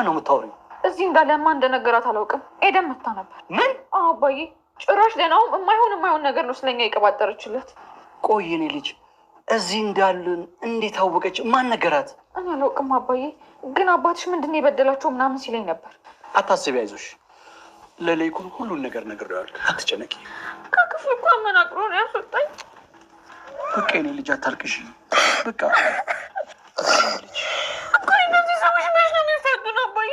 ማን ነው የምታወሪው? እዚህ እንዳለማ እንደነገራት አላውቅም። ኤደን መታ ነበር። ምን? አባዬ ጭራሽ ደናውም የማይሆን የማይሆን ነገር ነው ስለኛ የቀባጠረችለት። ቆይ ልጅ እዚህ እንዳሉን እንዴት አወቀች? ማን ነገራት? እኔ አላውቅም አባዬ። ግን አባትሽ ምንድን ነው የበደላቸው ምናምን ሲለኝ ነበር። አታስቢ፣ አይዞሽ። ለሌይኩን ሁሉን ነገር ነግሬዋለሁ። አትጨነቂ። ከክፍል እኮ አመናቅሮ ነው ያስወጣኝ። በቃ የኔ ልጅ አታልቅሽ። በቃ እኮ እነዚህ ሰዎች መች ነው የሚፈዱ? ነው አባዬ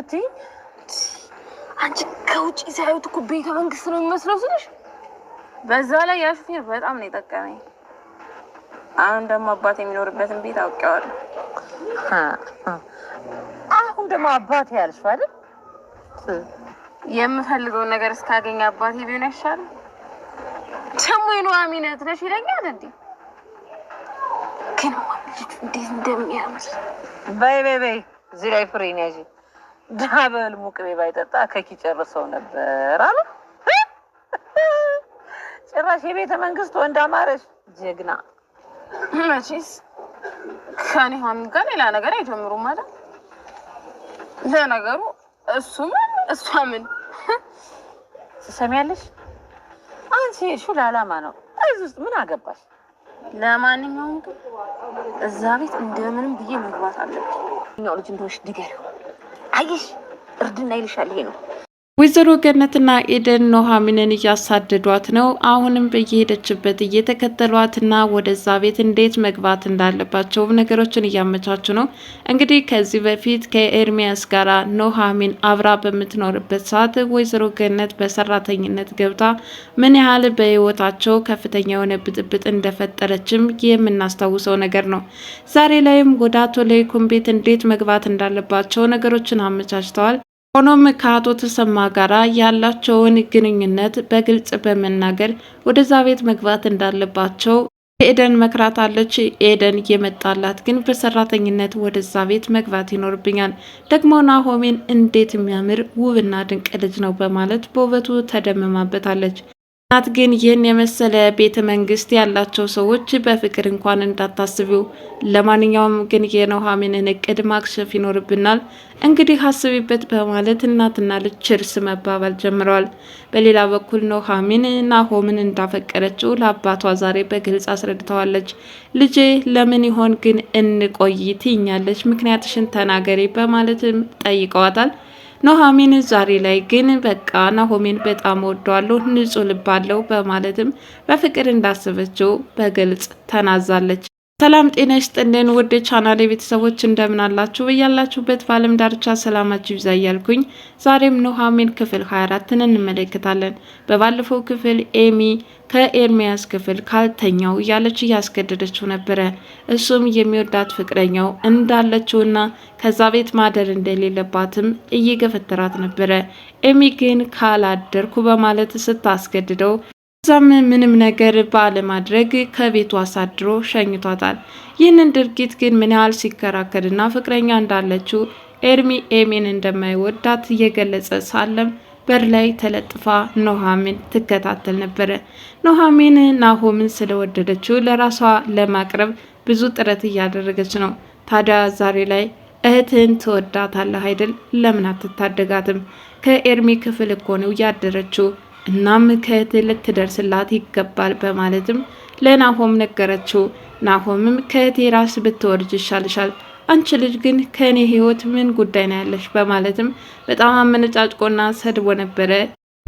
እምትይ አንቺ ከውጭ ሲያዩት እኮ ቤተ መንግስት ነው የሚመስለው ስልሽ፣ በዛ ላይ ያ በጣም ነው የጠቀመኝ። አሁን ደግሞ አባት የሚኖርበትን ቤት አውቄዋለሁ። አሁን ደግሞ አባት ያልሽ አይደል? የምፈልገውን ነገር እስካገኝ አባቴ ቢሆን ያሻል። ደግሞ የኑሃሚ እህት ነሽ ይለኛል። እንዴ? ግን ልጁ እንዴት እንደሚያምር በይ በይ በይ፣ እዚህ ላይ ፍሬን ያዥ። ዳበል ሙቅቤ ባይጠጣ ከኪ ጨርሰው ነበር አለ። ጭራሽ የቤተ መንግስት ወንድ አማረሽ ጀግና። መቼስ ከኔ ሀሚ ጋር ሌላ ነገር አይጀምሩም ማለት ለነገሩ እሱ ምን እሷ ምን ትሰሚያለሽ? አንቺ ሹ ለዓላማ ነው እዚህ ውስጥ ምን አገባሽ? ለማንኛውም ግን እዛ ቤት እንደምንም ብዬ መግባት አለብኝ። ልጅ እንደሆንሽ ንገሪው። አየሽ፣ እርድና ይልሻል። ይሄ ነው ወይዘሮ ገነትና ኤደን ኑሐሚንን እያሳደዷት ነው። አሁንም በየሄደችበት እየተከተሏትና ወደዛ ቤት እንዴት መግባት እንዳለባቸውም ነገሮችን እያመቻቹ ነው። እንግዲህ ከዚህ በፊት ከኤርሚያስ ጋር ኑሐሚን አብራ በምትኖርበት ሰዓት ወይዘሮ ገነት በሰራተኝነት ገብታ ምን ያህል በህይወታቸው ከፍተኛ የሆነ ብጥብጥ እንደፈጠረችም የምናስታውሰው ነገር ነው። ዛሬ ላይም ወደ አቶ ለይኩን ቤት እንዴት መግባት እንዳለባቸው ነገሮችን አመቻችተዋል። ሆኖም ከአቶ ተሰማ ጋር ያላቸውን ግንኙነት በግልጽ በመናገር ወደዛ ቤት መግባት እንዳለባቸው ኤደን መክራታለች። ኤደን የመጣላት ግን በሰራተኝነት ወደዛ ቤት መግባት ይኖርብኛል፣ ደግሞ ናሆሜን እንዴት የሚያምር ውብና ድንቅ ልጅ ነው በማለት በውበቱ ተደምማበታለች። እናት ግን ይህን የመሰለ ቤተ መንግስት ያላቸው ሰዎች በፍቅር እንኳን እንዳታስቢው። ለማንኛውም ግን የኑሃሚንን እቅድ ማክሸፍ ይኖርብናል፣ እንግዲህ አስቢበት በማለት እናትና ልጅ ችርስ መባባል ጀምረዋል። በሌላ በኩል ኑሃሚን ናሆምን እንዳፈቀረችው ለአባቷ ዛሬ በግልጽ አስረድተዋለች። ልጄ ለምን ይሆን ግን እንቆይ ትይኛለች፣ ምክንያትሽን ተናገሪ በማለትም ጠይቀዋታል። ኑሐሚን ዛሬ ላይ ግን በቃ ናሆሜን በጣም ወዷለሁ፣ ንጹሕ ልብ አለው በማለትም በፍቅር እንዳሰበችው በግልጽ ተናዛለች። ሰላም ጤና ይስጥልን ውድ የቻናሌ ቤተሰቦች እንደምን አላችሁ? በያላችሁበት በዓለም ዳርቻ ሰላማችሁ ይብዛ እያልኩኝ ዛሬም ኑሐሚን ክፍል 24ን እንመለከታለን። በባለፈው ክፍል ኤሚ ከኤርሚያስ ክፍል ካልተኛው እያለች እያስገደደችው ነበረ። እሱም የሚወዳት ፍቅረኛው እንዳለችውና ከዛ ቤት ማደር እንደሌለባትም እየገፈተራት ነበረ። ኤሚ ግን ካላደርኩ በማለት ስታስገድደው ዛም ምንም ነገር ባለማድረግ ከቤቱ አሳድሮ ሸኝቷታል። ይህንን ድርጊት ግን ምን ያህል ሲከራከርና ፍቅረኛ እንዳለችው ኤርሚ ኤሜን እንደማይወዳት እየገለጸ ሳለም በር ላይ ተለጥፋ ኖሃሚን ትከታተል ነበረ። ኖሃሚን ናሆምን ስለወደደችው ለራሷ ለማቅረብ ብዙ ጥረት እያደረገች ነው። ታዲያ ዛሬ ላይ እህትህን ትወዳታለህ አይደል? ለምን አትታደጋትም? ከኤርሚ ክፍል እኮ ነው ያደረችው እናም ከእህት ልትደርስላት ይገባል በማለትም ለናሆም ነገረችው። ናሆምም ከእቴ ራስ ብትወርጅ ይሻልሻል፣ አንቺ ልጅ ግን ከእኔ ህይወት ምን ጉዳይ ነው ያለሽ? በማለትም በጣም አመነጫጭቆና ሰድቦ ነበረ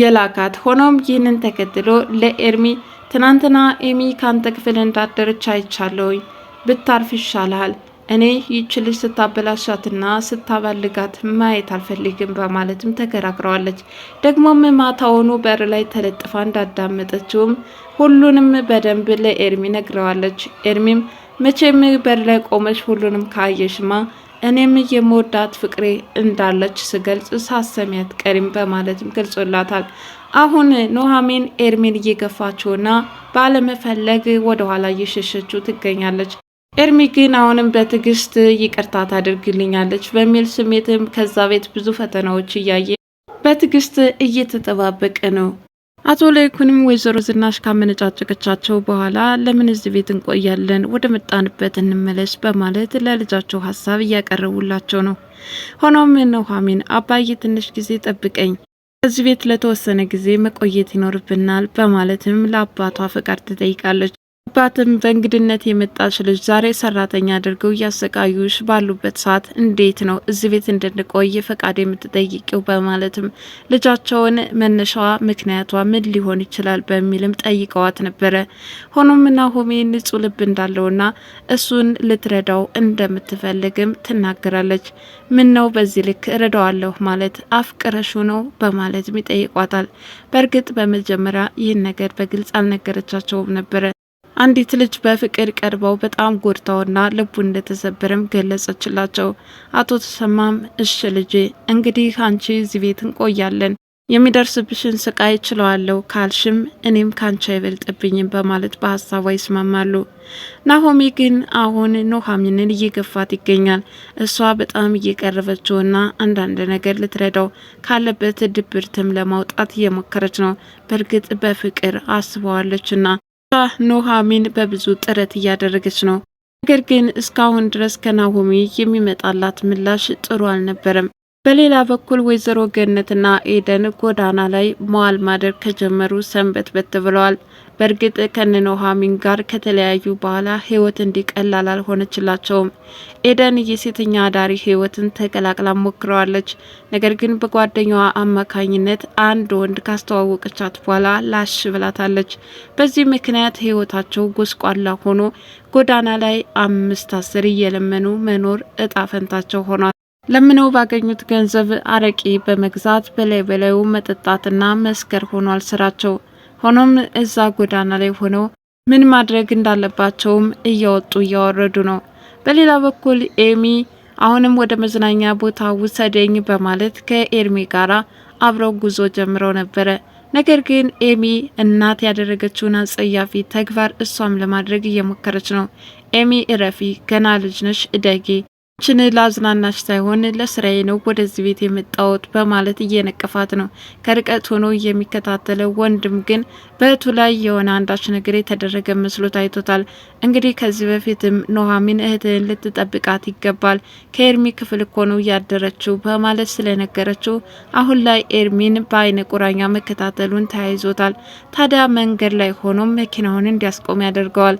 የላካት። ሆኖም ይህንን ተከትሎ ለኤርሚ ትናንትና ኤሚ ካንተ ክፍል እንዳደረች አይቻለውኝ፣ ብታርፍ ይሻልሃል እኔ ይች ልጅ ስታበላሻትና ስታባልጋት ማየት አልፈልግም በማለትም ተከራክረዋለች። ደግሞም ማታውኑ በር ላይ ተለጥፋ እንዳዳመጠችውም ሁሉንም በደንብ ለኤርሚ ነግረዋለች። ኤርሚም መቼም በር ላይ ቆመች ሁሉንም ካየሽማ እኔም የመወዳት ፍቅሬ እንዳለች ስገልጽ ሳሰሚያት ቀሪም በማለትም ገልጾላታል። አሁን ኑሐሚን ኤርሚን እየገፋችውና ባለመፈለግ ወደኋላ እየሸሸችው ትገኛለች። ኤርሚ ግን አሁንም በትዕግስት ይቅርታ ታደርግልኛለች በሚል ስሜትም ከዛ ቤት ብዙ ፈተናዎች እያየ በትዕግስት እየተጠባበቀ ነው። አቶ ለይኩንም ወይዘሮ ዝናሽ ካመነጫጨቀቻቸው በኋላ ለምን እዚህ ቤት እንቆያለን? ወደ መጣንበት እንመለስ በማለት ለልጃቸው ሀሳብ እያቀረቡላቸው ነው። ሆኖም ኑሐሚን አባዬ ትንሽ ጊዜ ጠብቀኝ፣ ከዚህ ቤት ለተወሰነ ጊዜ መቆየት ይኖርብናል በማለትም ለአባቷ ፈቃድ ትጠይቃለች። አባትም በእንግድነት የመጣች ልጅ ዛሬ ሰራተኛ አድርገው እያሰቃዩሽ ባሉበት ሰዓት እንዴት ነው እዚህ ቤት እንድንቆይ ፈቃድ የምትጠይቂው? በማለትም ልጃቸውን መነሻዋ ምክንያቷ ምን ሊሆን ይችላል በሚልም ጠይቀዋት ነበረ። ሆኖም ናሆሜ ንጹሕ ልብ እንዳለውና እሱን ልትረዳው እንደምትፈልግም ትናገራለች። ምን ነው በዚህ ልክ እረዳዋለሁ ማለት አፍቅረሹ ነው በማለትም ይጠይቋታል። በእርግጥ በመጀመሪያ ይህን ነገር በግልጽ አልነገረቻቸውም ነበረ። አንዲት ልጅ በፍቅር ቀርበው በጣም ጎድታውና ልቡ እንደተሰበረም ገለጸችላቸው። አቶ ተሰማም እሽ ልጄ እንግዲህ አንቺ እዚህ ቤት እንቆያለን፣ የሚደርስብሽን ስቃይ ችለዋለሁ ካልሽም እኔም ካንቺ አይበልጥብኝም በማለት በሀሳቧ ይስማማሉ። ናሆሚ ግን አሁን ኑሐሚንን እየገፋት ይገኛል። እሷ በጣም እየቀረበችውና አንዳንድ ነገር ልትረዳው ካለበት ድብርትም ለማውጣት እየሞከረች ነው። በእርግጥ በፍቅር አስበዋለችና ኑሐሚን በብዙ ጥረት እያደረገች ነው። ነገር ግን እስካሁን ድረስ ከናሆሚ የሚመጣላት ምላሽ ጥሩ አልነበረም። በሌላ በኩል ወይዘሮ ገነትና ኤደን ጎዳና ላይ መዋል ማደር ከጀመሩ ሰንበት በት ብለዋል። በእርግጥ ሚን ጋር ከተለያዩ በኋላ ህይወት እንዲቀላል አልሆነችላቸውም። ኤደን የሴተኛ አዳሪ ህይወትን ተቀላቅላ ሞክረዋለች። ነገር ግን በጓደኛዋ አማካኝነት አንድ ወንድ ካስተዋወቀቻት በኋላ ላሽ ብላታለች። በዚህ ምክንያት ህይወታቸው ጎስቋላ ሆኖ ጎዳና ላይ አምስት አስር እየለመኑ መኖር እጣ ፈንታቸው ሆኗል። ለምነው ባገኙት ገንዘብ አረቂ በመግዛት በላይ በላዩ መጠጣትና መስከር ሆኗል ስራቸው። ሆኖም እዛ ጎዳና ላይ ሆነው ምን ማድረግ እንዳለባቸውም እያወጡ እያወረዱ ነው። በሌላ በኩል ኤሚ አሁንም ወደ መዝናኛ ቦታ ውሰደኝ በማለት ከኤርሚ ጋር አብረው ጉዞ ጀምረው ነበረ። ነገር ግን ኤሚ እናት ያደረገችውን አጸያፊ ተግባር እሷም ለማድረግ እየሞከረች ነው። ኤሚ እረፊ፣ ገና ልጅ ነሽ፣ እደጌ ችን ላዝናናሽ ሳይሆን ለስራዬ ነው ወደዚህ ቤት የመጣሁት በማለት እየነቀፋት ነው። ከርቀት ሆኖ የሚከታተለው ወንድም ግን በእቱ ላይ የሆነ አንዳች ነገር የተደረገ መስሎ አይቶታል። እንግዲህ ከዚህ በፊትም ኑሐሚን እህትህን ልትጠብቃት ይገባል፣ ከኤርሚ ክፍል እኮ ነው ያደረችው በማለት ስለነገረችው አሁን ላይ ኤርሚን በአይነ ቁራኛ መከታተሉን ተያይዞታል። ታዲያ መንገድ ላይ ሆኖም መኪናውን እንዲያስቆም ያደርገዋል።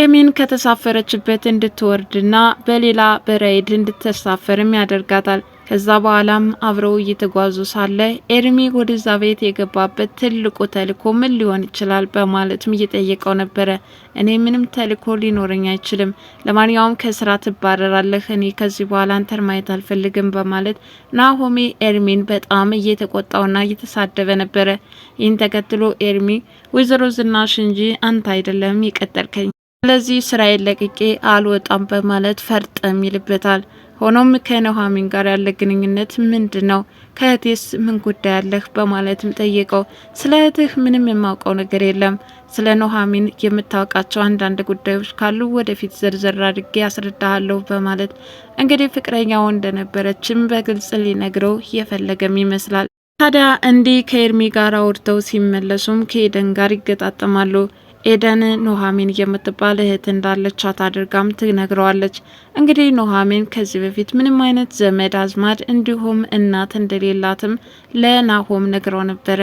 ኤሚን ከተሳፈረችበት እንድትወርድና በሌላ በራይድ እንድትሳፈርም ያደርጋታል። ከዛ በኋላም አብረው እየተጓዙ ሳለ ኤርሚ ወደዛ ቤት የገባበት ትልቁ ተልእኮ ምን ሊሆን ይችላል በማለትም እየጠየቀው ነበረ። እኔ ምንም ተልእኮ ሊኖረኝ አይችልም፣ ለማንኛውም ከስራ ትባረራለህ፣ እኔ ከዚህ በኋላ አንተን ማየት አልፈልግም በማለት ናሆሜ ኤርሚን በጣም እየተቆጣውና እየተሳደበ ነበረ። ይህን ተከትሎ ኤርሚ ወይዘሮ ዝናሽ እንጂ አንተ አይደለም የቀጠርከኝ ስለዚህ ስራዬን ለቅቄ አልወጣም በማለት ፈርጠም ይልበታል። ሆኖም ከኑሐሚን ጋር ያለ ግንኙነት ምንድን ነው? ከእህቴስ ምን ጉዳይ አለህ? በማለትም ጠየቀው። ስለ እህትህ ምንም የማውቀው ነገር የለም። ስለ ኑሐሚን የምታውቃቸው አንዳንድ ጉዳዮች ካሉ ወደፊት ዘርዘር አድርጌ ያስረዳሃለሁ በማለት እንግዲህ ፍቅረኛው እንደነበረችም በግልጽ ሊነግረው የፈለገም ይመስላል። ታዲያ እንዲህ ከኤርሚ ጋር አውርተው ሲመለሱም ከኤደን ጋር ይገጣጠማሉ። ኤደን ኑሐሚን የምትባል እህት እንዳለቻት አድርጋም ትነግረዋለች። እንግዲህ ኑሐሚን ከዚህ በፊት ምንም አይነት ዘመድ አዝማድ እንዲሁም እናት እንደሌላትም ለናሆም ነግረው ነበረ።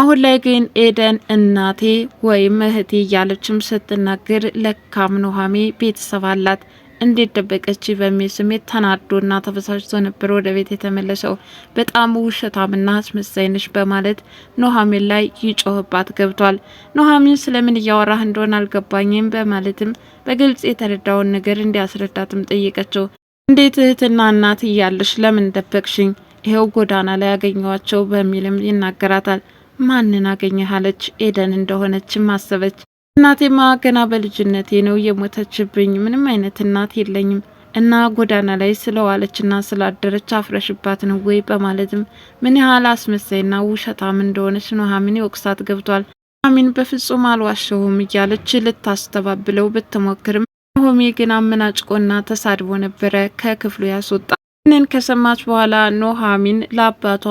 አሁን ላይ ግን ኤደን እናቴ ወይም እህቴ እያለችም ስትናገር ለካም ኑሐሚን ቤተሰብ አላት። እንዴት ደበቀች በሚል ስሜት ተናዶና ተበሳጭቶ ነበር ወደ ቤት የተመለሰው። በጣም ውሸታምና አስመሳይ ነሽ በማለት ኑሐሚን ላይ ይጮህባት ገብቷል። ኑሐሚን ስለምን እያወራህ እንደሆን አልገባኝም በማለትም በግልጽ የተረዳውን ነገር እንዲያስረዳትም ጠየቀችው። እንዴት እህትና እናት እያለሽ ለምን ደበቅሽኝ? ይኸው ጎዳና ላይ ያገኘዋቸው በሚልም ይናገራታል። ማንን አገኘህ አለች። ኤደን እንደሆነችም አሰበች። እናቴማ ገና በልጅነቴ ነው የሞተችብኝ። ምንም አይነት እናት የለኝም እና ጎዳና ላይ ስለዋለችና ስላደረች አፍረሽባት ነው ወይ በማለትም ምን ያህል አስመሳይና ውሸታም እንደሆነች ኑሐሚን ወቅሳት ገብቷል። ኑሐሚን በፍጹም አልዋሸሁም እያለች ልታስተባብለው ብትሞክርም ሆሜ ግን አመናጭቆና ተሳድቦ ነበረ ከክፍሉ ያስወጣ። ይህንን ከሰማች በኋላ ኑሐሚን ለአባቷ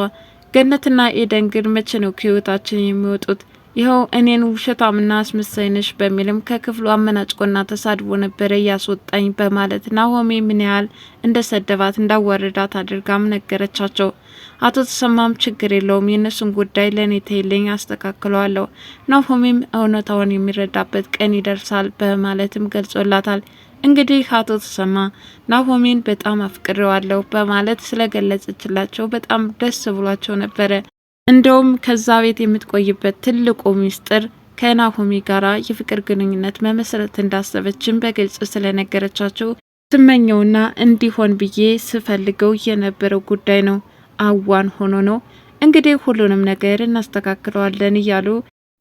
ገነትና ኤደን ግን መቼ ነው ከህይወታችን የሚወጡት ይኸው እኔን ውሸታምና አስመሳይ ነሽ በሚልም ከክፍሉ አመናጭቆና ተሳድቦ ነበረ እያስወጣኝ በማለት ናሆሜ ምን ያህል እንደ ሰደባት እንዳዋረዳት አድርጋም ነገረቻቸው። አቶ ተሰማም ችግር የለውም የእነሱን ጉዳይ ለእኔ ተይልኝ አስተካክለዋለሁ፣ ናሆሜም እውነታውን የሚረዳበት ቀን ይደርሳል በማለትም ገልጾላታል። እንግዲህ አቶ ተሰማ ናሆሜን በጣም አፍቅሬዋለሁ በማለት ስለገለጸችላቸው በጣም ደስ ብሏቸው ነበረ። እንደውም ከዛ ቤት የምትቆይበት ትልቁ ሚስጥር ከናሆሚ ጋራ የፍቅር ግንኙነት መመስረት እንዳሰበችን በግልጽ ስለነገረቻቸው ስመኘውና እንዲሆን ብዬ ስፈልገው የነበረው ጉዳይ ነው። አዋን ሆኖ ነው እንግዲህ ሁሉንም ነገር እናስተካክለዋለን እያሉ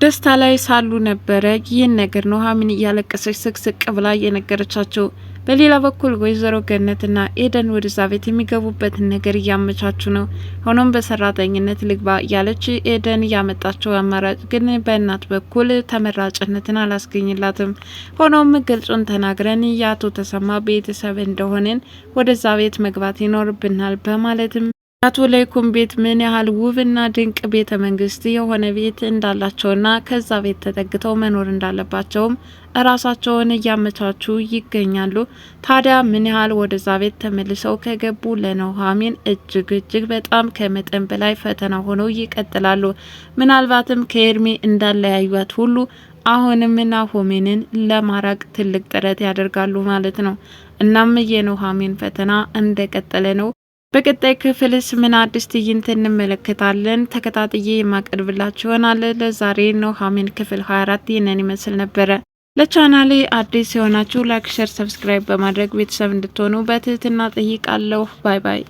ደስታ ላይ ሳሉ ነበረ። ይህን ነገር ኑሐሚን እያለቀሰች ስቅስቅ ብላ የነገረቻቸው በሌላ በኩል ወይዘሮ ገነትና ኤደን ወደዛ ቤት የሚገቡበትን ነገር እያመቻቹ ነው። ሆኖም በሰራተኝነት ልግባ እያለች ኤደን እያመጣቸው አማራጭ ግን በእናት በኩል ተመራጭነትን አላስገኝላትም። ሆኖም ግልጹን ተናግረን የአቶ ተሰማ ቤተሰብ እንደሆንን ወደዛ ቤት መግባት ይኖርብናል በማለትም አቶ ለይኩም ቤት ምን ያህል ውብና ድንቅ ቤተ መንግስት የሆነ ቤት እንዳላቸውና ከዛ ቤት ተጠግተው መኖር እንዳለባቸውም እራሳቸውን እያመቻቹ ይገኛሉ። ታዲያ ምን ያህል ወደዛ ቤት ተመልሰው ከገቡ ለኑሃሚን እጅግ እጅግ በጣም ከመጠን በላይ ፈተና ሆነው ይቀጥላሉ። ምናልባትም ከኤርሚ እንዳለያዩት ሁሉ አሁንም ሆሜንን ለማራቅ ትልቅ ጥረት ያደርጋሉ ማለት ነው። እናም የኑሃሚን ፈተና እንደቀጠለ ነው። በቀጣይ ክፍልስ ምን አዲስ ትዕይንት እንመለከታለን? ተከታትዬ የማቀርብላችሁ ይሆናል። ለዛሬ ኑሃሚን ክፍል 24 ይህንን ይመስል ነበረ። ለቻናሌ አዲስ የሆናችሁ ላይክ፣ ሸር፣ ሰብስክራይብ በማድረግ ቤተሰብ እንድትሆኑ በትህትና ጠይቃለሁ። ባይ ባይ።